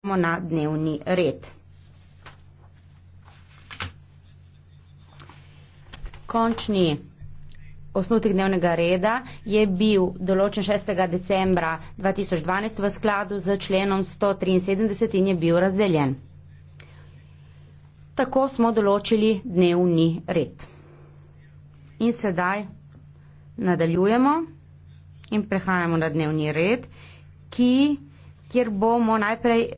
prehajamo na dnevni red. Končni osnutek dnevnega reda je bil določen 6. decembra 2012 v skladu z členom 173 in je bil razdeljen. Tako smo določili dnevni red. In sedaj nadaljujemo in prehajamo na dnevni red, ki, kjer bomo najprej